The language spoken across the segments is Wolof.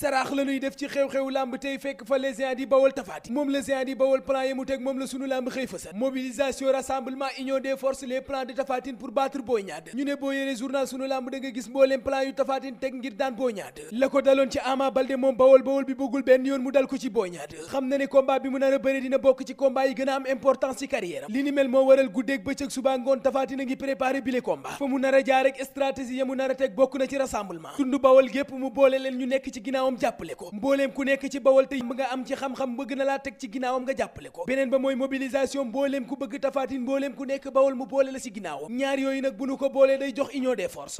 saraax la ñuy def ci xew-xewu lamb tey fekk fa les géants di bawol tafaati moom les géants di bawol plan yi mu teg moom la sunu lamb xëy fësal mobilisation rassemblement union des forces les plans de tafatine pour battre Boy Niang ñu ne boo yore sunu lamb da nga gis mbooleem plan yu tafatine teg ngir daan Boy Niang la ko daloon ci Ama Baldé moom bawol bawol bi bëggul benn yoon mu dal ko ci Boy Niang xam na ne combat bi mu nar a bëri dina bokk ci combat yi gën a am importance ci carrière am li ni mel bokk na ci rassemblement tund bawol gépp leen ñu nekk ci ginnaaw ginnaawam jàppale ko mbooleem ku nekk ci bawal te mu nga am ci xam-xam bëgg na laa si ginnaawam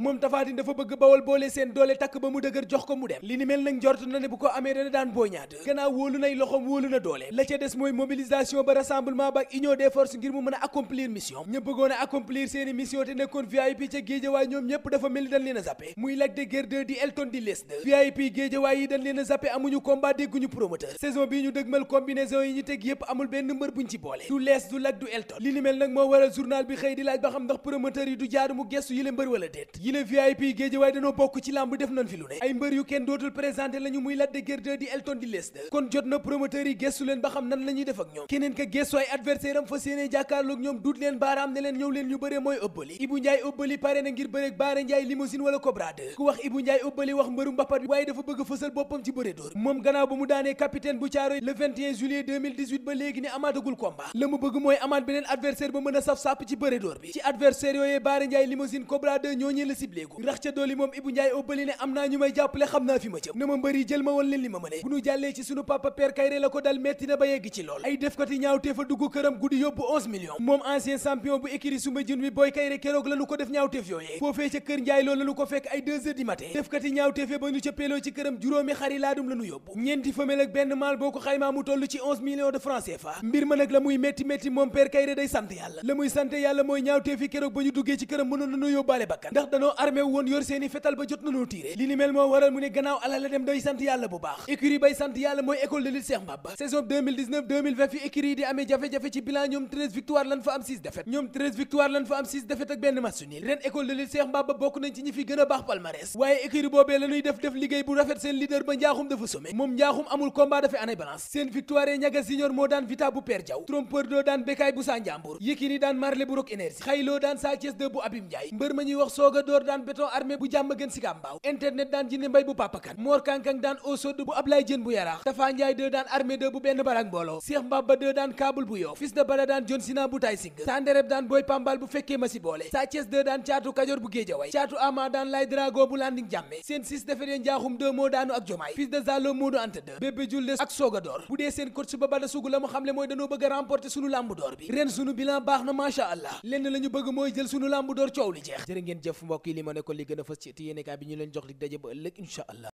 moom tafaatin dafa bëgg bawal boole seen doole takk ba mu dëgër jox ko mu dem li ni mel nag njort na ne bu ko amee dana daan boo ñaat wóolu nay loxom wóolu na doole la ca des mooy mobilisation ba rassemblement ba ak union des forces ngir mu mën a accomplir mission ña bëggoon a seeni mission te nekkoon VIP ca géejawaay ñoom ñëpp dafa mel ni dañ leen a muy Lac de Guiers 2 di Elton di les 2 VIP géejawaay yi dañ leen a zappé amuñu combat dégguñu promoteur saison bii ñu dëgmal combinaison yi ñu teg yépp amul benn mbër buñ ci boole du lees du lak du elton li nag moo waral journal bi xëy di laaj ba xam ndax promoteur yi du jaadu mu gestu yile mbër wala déet yile VIP géej waaye dañoo bokk ci làmb def nañ fi lu ne ay mbër yu kenn dootul présenté lañu muy Lac de di elton di lees 2 kon jot na promoteur yi gestu leen ba xam nan la def fësal boppam ci bëre dóor moom gannaaw ba mu daanee capitaine bu Caaroy le 21 ba léegi ni amaatagul combat la mu bëgg mooy amaat beneen adversaire ba mën a saf-sàpp ci bëre bi ci adversaire yooyee Baara Ndiaye limousine Cobra 2 ñooñee la rax ca dooli moom Ibou Ndiaye óbbali ne am naa ñu may jàppale xam naa fi ma jëm na ma mbëri jël ma woon leen li ma mëne bu ñu jàllee ci sunu papa Père Kayré la ko dal metti na ba yegg ci lool ay defkati juróomi ndax danoo armé woon yor seeni fetal ba jot nañu tiire li ni moo waral mu ne gannaaw ala la dem day sant yàlla bu baax écurie bay sant yàlla mooy école de lutte Cheikh Mbaba saison 2019 2020 ñoom 13 victoire lan fa am 6 défaite ñoom 13 victoire lan fa am 6 défaite ak benn match ren école de lutte Cheikh Mbaba bokk nañ ci ñi fi gën baax palmarès waaye écurie boobee la def def liggéey bu rafet seen leader ba njaaxum dafa somme moom njaaxum amul combat dafay anay balance seen victoire ñaga senior moo daan vita bu père Diaw trompeur doo daan bekaay bu saa njàmbur Yékini daan marle bu rok énergie xayloo daan saa Thiès de bu abim Ndiaye mbër ma ñuy wax sooga door daan béton armé bu jàmm gën si gàmbaaw internet daan jinde mbay bu papakan moor kankang daan osodd bu Ablaye Jën bu yaraax Tafa Ndiaye de daan armé de bu benn barak mbooloo Cheikh Mbaba Sonko ak Diomaye fils de Zalo Modou Anta 2 bébé Julde ak Soga bu dee seen coach ba Bada la mu xamle mooy dañoo bëgg a remporter sunu lambu bi ren sunu bilan baax na macha allah lenn la ñu bëgg mooy jël sunu lambu d'or coow li jeex jërë ngeen jëf mbokk yi nekkoon li gën a fës ci yéenekaay bi ñu leen jox di daje ba ëllëg incha allah